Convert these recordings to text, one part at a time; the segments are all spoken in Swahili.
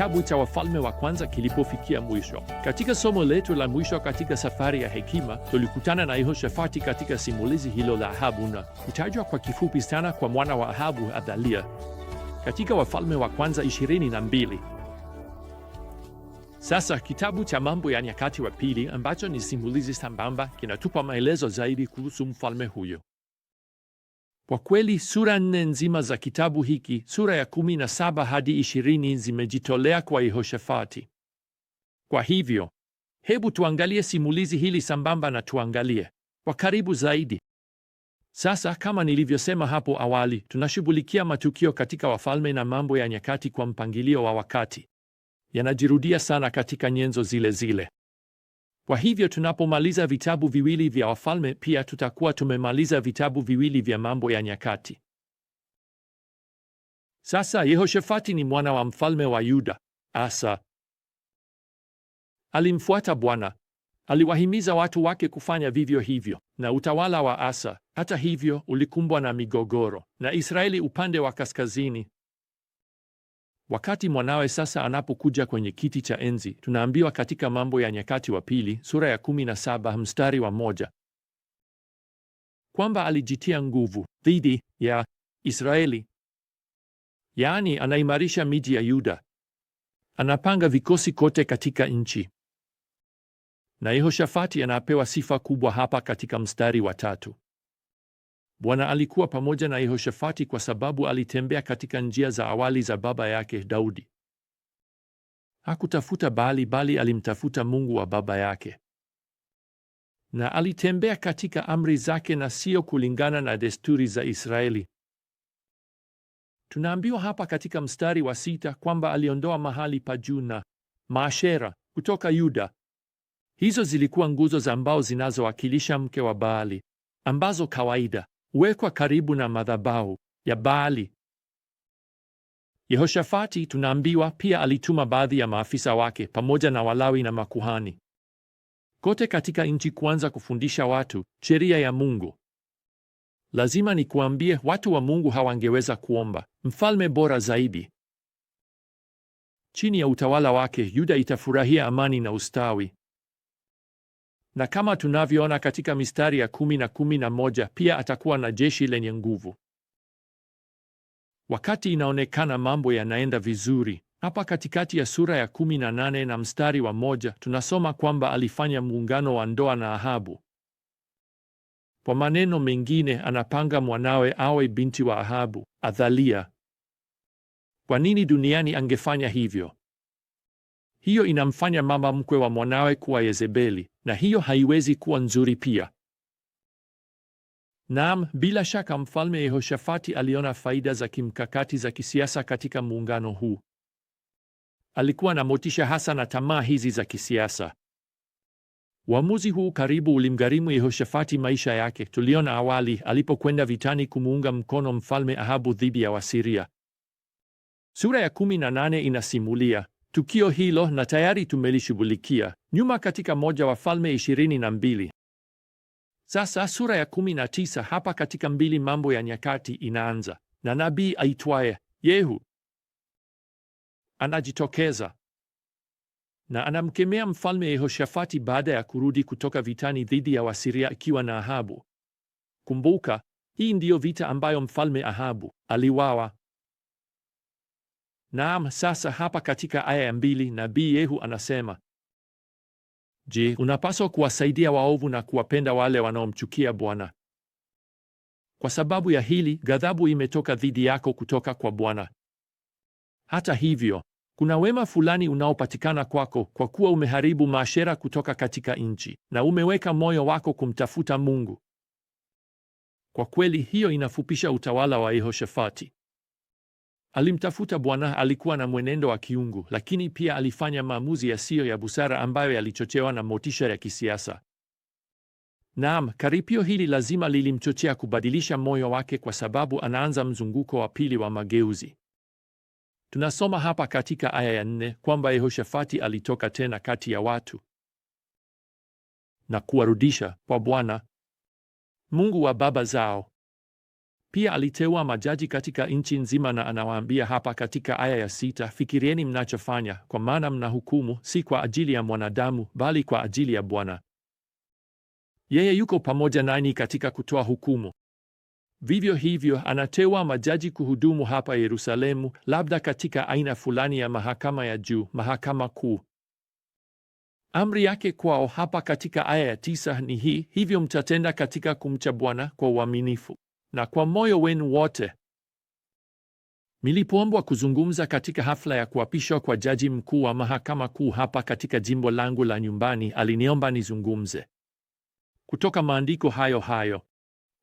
kitabu cha Wafalme wa Kwanza kilipofikia mwisho. Katika somo letu la mwisho katika safari ya hekima, tulikutana na Yehoshafati katika simulizi hilo la Ahabu na kutajwa kwa kifupi sana kwa mwana wa Ahabu, Adalia, katika Wafalme wa Kwanza 22. Sasa kitabu cha Mambo ya Nyakati wa Pili ambacho ni simulizi sambamba kinatupa maelezo zaidi kuhusu mfalme huyo. Kwa kweli sura nne nzima za kitabu hiki, sura ya kumi na saba hadi ishirini zimejitolea kwa Yehoshafati. Kwa hivyo, hebu tuangalie simulizi hili sambamba na tuangalie kwa karibu zaidi. Sasa, kama nilivyosema hapo awali, tunashughulikia matukio katika Wafalme na Mambo ya Nyakati kwa mpangilio wa wakati. Yanajirudia sana katika nyenzo zile zile. Kwa hivyo tunapomaliza vitabu viwili vya Wafalme, pia tutakuwa tumemaliza vitabu viwili vya Mambo ya Nyakati. Sasa Yehoshafati ni mwana wa mfalme wa Yuda. Asa alimfuata Bwana, aliwahimiza watu wake kufanya vivyo hivyo, na utawala wa Asa, hata hivyo, ulikumbwa na migogoro na Israeli upande wa kaskazini Wakati mwanawe sasa anapokuja kwenye kiti cha enzi, tunaambiwa katika Mambo ya Nyakati wa Pili sura ya 17 mstari wa moja kwamba alijitia nguvu dhidi ya Israeli, yaani anaimarisha miji ya Yuda, anapanga vikosi kote katika nchi. Na Yehoshafati anapewa sifa kubwa hapa katika mstari wa tatu. Bwana alikuwa pamoja na Yehoshafati kwa sababu alitembea katika njia za awali za baba yake Daudi. Hakutafuta Baali bali alimtafuta Mungu wa baba yake, na alitembea katika amri zake na sio kulingana na desturi za Israeli. Tunaambiwa hapa katika mstari wa sita kwamba aliondoa mahali pa juu na maashera kutoka Yuda. Hizo zilikuwa nguzo za mbao zinazowakilisha mke wa Baali ambazo kawaida wekwa karibu na madhabahu ya Baali. Yehoshafati, tunaambiwa, pia alituma baadhi ya maafisa wake pamoja na Walawi na makuhani kote katika nchi kuanza kufundisha watu sheria ya Mungu. Lazima nikuambie, watu wa Mungu hawangeweza kuomba mfalme bora zaidi. Chini ya utawala wake, Yuda itafurahia amani na ustawi na kama tunavyoona katika mistari ya kumi na kumi na moja pia atakuwa na jeshi lenye nguvu. Wakati inaonekana mambo yanaenda vizuri, hapa katikati ya sura ya kumi na nane na mstari wa moja tunasoma kwamba alifanya muungano wa ndoa na Ahabu. Kwa maneno mengine, anapanga mwanawe awe binti wa Ahabu, Athalia. Kwa nini duniani angefanya hivyo? Hiyo inamfanya mama mkwe wa mwanawe kuwa Yezebeli, na hiyo haiwezi kuwa nzuri pia. Naam, bila shaka Mfalme Yehoshafati aliona faida za kimkakati za kisiasa katika muungano huu. Alikuwa na motisha hasa na tamaa hizi za kisiasa. Uamuzi huu karibu ulimgharimu Yehoshafati maisha yake. Tuliona awali alipokwenda vitani kumuunga mkono Mfalme Ahabu dhidi ya Wasiria. Sura ya 18 inasimulia tukio hilo na tayari tumelishughulikia nyuma katika moja wa Falme ishirini na mbili. Sasa sura ya kumi na tisa hapa katika mbili Mambo ya Nyakati inaanza na nabii aitwaye Yehu anajitokeza na anamkemea mfalme Yehoshafati baada ya kurudi kutoka vitani dhidi ya Wasiria akiwa na Ahabu. Kumbuka, hii ndiyo vita ambayo mfalme Ahabu aliwawa Naam, sasa hapa katika aya ya mbili nabii Yehu anasema, je, unapaswa kuwasaidia waovu na kuwapenda wale wanaomchukia Bwana? Kwa sababu ya hili ghadhabu imetoka dhidi yako kutoka kwa Bwana. Hata hivyo, kuna wema fulani unaopatikana kwako kwa kuwa umeharibu maashera kutoka katika nchi na umeweka moyo wako kumtafuta Mungu. Kwa kweli hiyo inafupisha utawala wa Yehoshafati. Alimtafuta Bwana, alikuwa na mwenendo wa kiungu, lakini pia alifanya maamuzi yasiyo ya busara ambayo yalichochewa na motisha ya kisiasa. Naam, karipio hili lazima lilimchochea kubadilisha moyo wake, kwa sababu anaanza mzunguko wa pili wa mageuzi. Tunasoma hapa katika aya ya nne kwamba Yehoshafati alitoka tena kati ya watu na kuwarudisha kwa Bwana Mungu wa baba zao. Pia aliteua majaji katika nchi nzima, na anawaambia hapa katika aya ya sita, fikirieni mnachofanya, kwa maana mnahukumu si kwa ajili ya mwanadamu, bali kwa ajili ya Bwana. Yeye yuko pamoja nanyi katika kutoa hukumu. Vivyo hivyo, anateua majaji kuhudumu hapa Yerusalemu, labda katika aina fulani ya mahakama ya juu, mahakama kuu. Amri yake kwao hapa katika aya ya tisa ni hii: hivyo mtatenda katika kumcha Bwana kwa uaminifu na kwa moyo wenu wote. Nilipoombwa kuzungumza katika hafla ya kuapishwa kwa jaji mkuu wa mahakama kuu hapa katika jimbo langu la nyumbani, aliniomba nizungumze kutoka maandiko hayo hayo.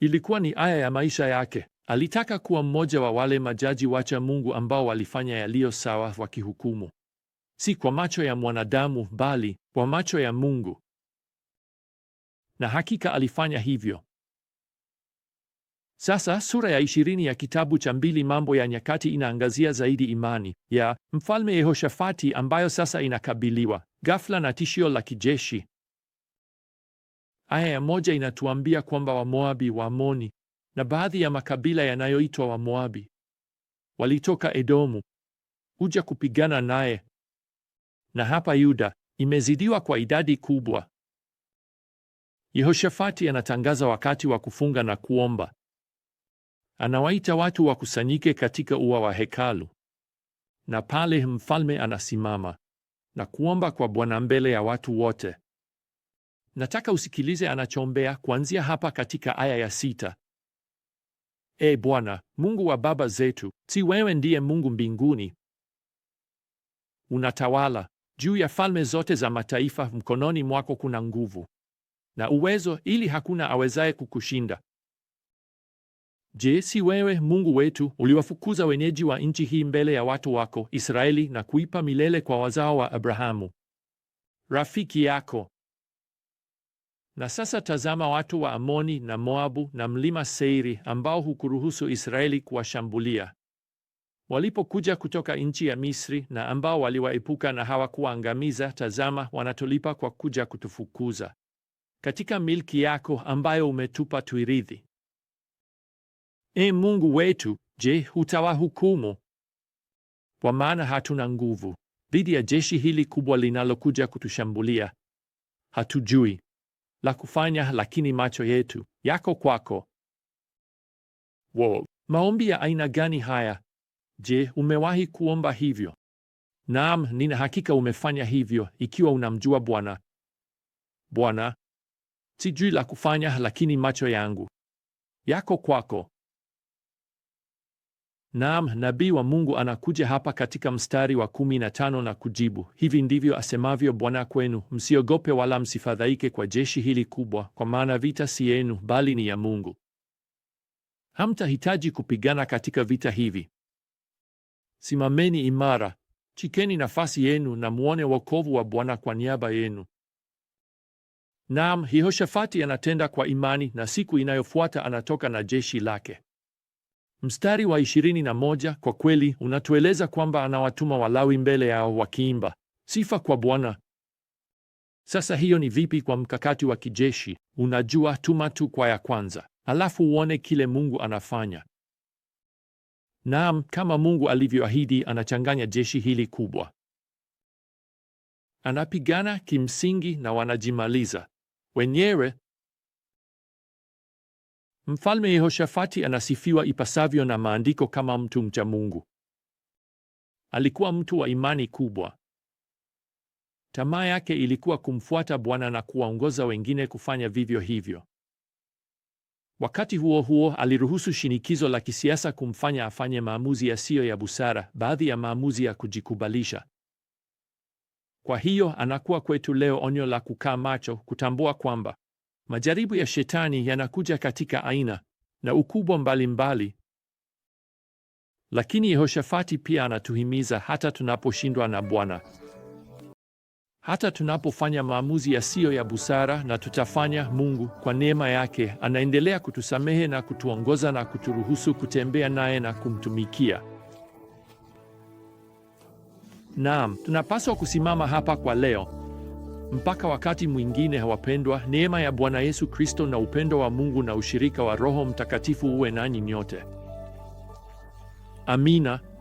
Ilikuwa ni aya ya maisha yake. Alitaka kuwa mmoja wa wale majaji wacha Mungu ambao walifanya yaliyo sawa, wakihukumu si kwa macho ya mwanadamu, bali kwa macho ya Mungu, na hakika alifanya hivyo. Sasa sura ya ishirini ya kitabu cha mbili Mambo ya Nyakati inaangazia zaidi imani ya mfalme Yehoshafati ambayo sasa inakabiliwa ghafla na tishio la kijeshi. Aya ya moja inatuambia kwamba Wamoabi, Waamoni na baadhi ya makabila yanayoitwa Wamoabi walitoka Edomu kuja kupigana naye, na hapa Yuda imezidiwa kwa idadi kubwa. Yehoshafati anatangaza wakati wa kufunga na kuomba Anawaita watu wakusanyike katika ua wa hekalu, na pale mfalme anasimama na kuomba kwa Bwana mbele ya watu wote. Nataka usikilize anachombea kuanzia hapa katika aya ya sita. E Bwana Mungu wa baba zetu, si wewe ndiye Mungu mbinguni? Unatawala juu ya falme zote za mataifa. Mkononi mwako kuna nguvu na uwezo, ili hakuna awezaye kukushinda. Je, si wewe Mungu wetu uliwafukuza wenyeji wa nchi hii mbele ya watu wako Israeli na kuipa milele kwa wazao wa Abrahamu rafiki yako? Na sasa tazama watu wa Amoni na Moabu na mlima Seiri ambao hukuruhusu Israeli kuwashambulia walipokuja kutoka nchi ya Misri na ambao waliwaepuka na hawakuangamiza. Tazama, wanatolipa kwa kuja kutufukuza katika milki yako ambayo umetupa tuirithi e Mungu wetu, je, hutawahukumu? Kwa maana hatuna nguvu dhidi ya jeshi hili kubwa linalokuja kutushambulia. Hatujui la kufanya, lakini macho yetu yako kwako. Wo, maombi ya aina gani haya? Je, umewahi kuomba hivyo? Naam, nina hakika umefanya hivyo ikiwa unamjua Bwana. Bwana, sijui la kufanya, lakini macho yangu yako kwako. Naam, nabii wa Mungu anakuja hapa katika mstari wa kumi na tano na kujibu, hivi ndivyo asemavyo Bwana kwenu, msiogope wala msifadhaike kwa jeshi hili kubwa, kwa maana vita si yenu, bali ni ya Mungu. Hamtahitaji kupigana katika vita hivi. Simameni imara, chikeni nafasi yenu na muone wokovu wa Bwana kwa niaba yenu. Naam, Yehoshafati anatenda kwa imani na siku inayofuata anatoka na jeshi lake. Mstari wa 21 kwa kweli unatueleza kwamba anawatuma Walawi mbele yao wakiimba sifa kwa Bwana. Sasa hiyo ni vipi kwa mkakati wa kijeshi? Unajua, tuma tu kwa ya kwanza, alafu uone kile Mungu anafanya. Naam, kama Mungu alivyoahidi, anachanganya jeshi hili kubwa, anapigana kimsingi na wanajimaliza wenyewe. Mfalme Yehoshafati anasifiwa ipasavyo na maandiko kama mtu mcha Mungu. Alikuwa mtu wa imani kubwa. Tamaa yake ilikuwa kumfuata Bwana na kuwaongoza wengine kufanya vivyo hivyo. Wakati huo huo, aliruhusu shinikizo la kisiasa kumfanya afanye maamuzi yasiyo ya busara, baadhi ya maamuzi ya kujikubalisha. Kwa hiyo, anakuwa kwetu leo onyo la kukaa macho, kutambua kwamba Majaribu ya shetani yanakuja katika aina na ukubwa mbalimbali mbali. Lakini Yehoshafati pia anatuhimiza hata tunaposhindwa na Bwana, hata tunapofanya maamuzi yasiyo ya busara na tutafanya, Mungu kwa neema yake anaendelea kutusamehe na kutuongoza na kuturuhusu kutembea naye na kumtumikia. Naam, tunapaswa kusimama hapa kwa leo. Mpaka wakati mwingine, hawapendwa, neema ya Bwana Yesu Kristo na upendo wa Mungu na ushirika wa Roho Mtakatifu uwe nanyi nyote. Amina.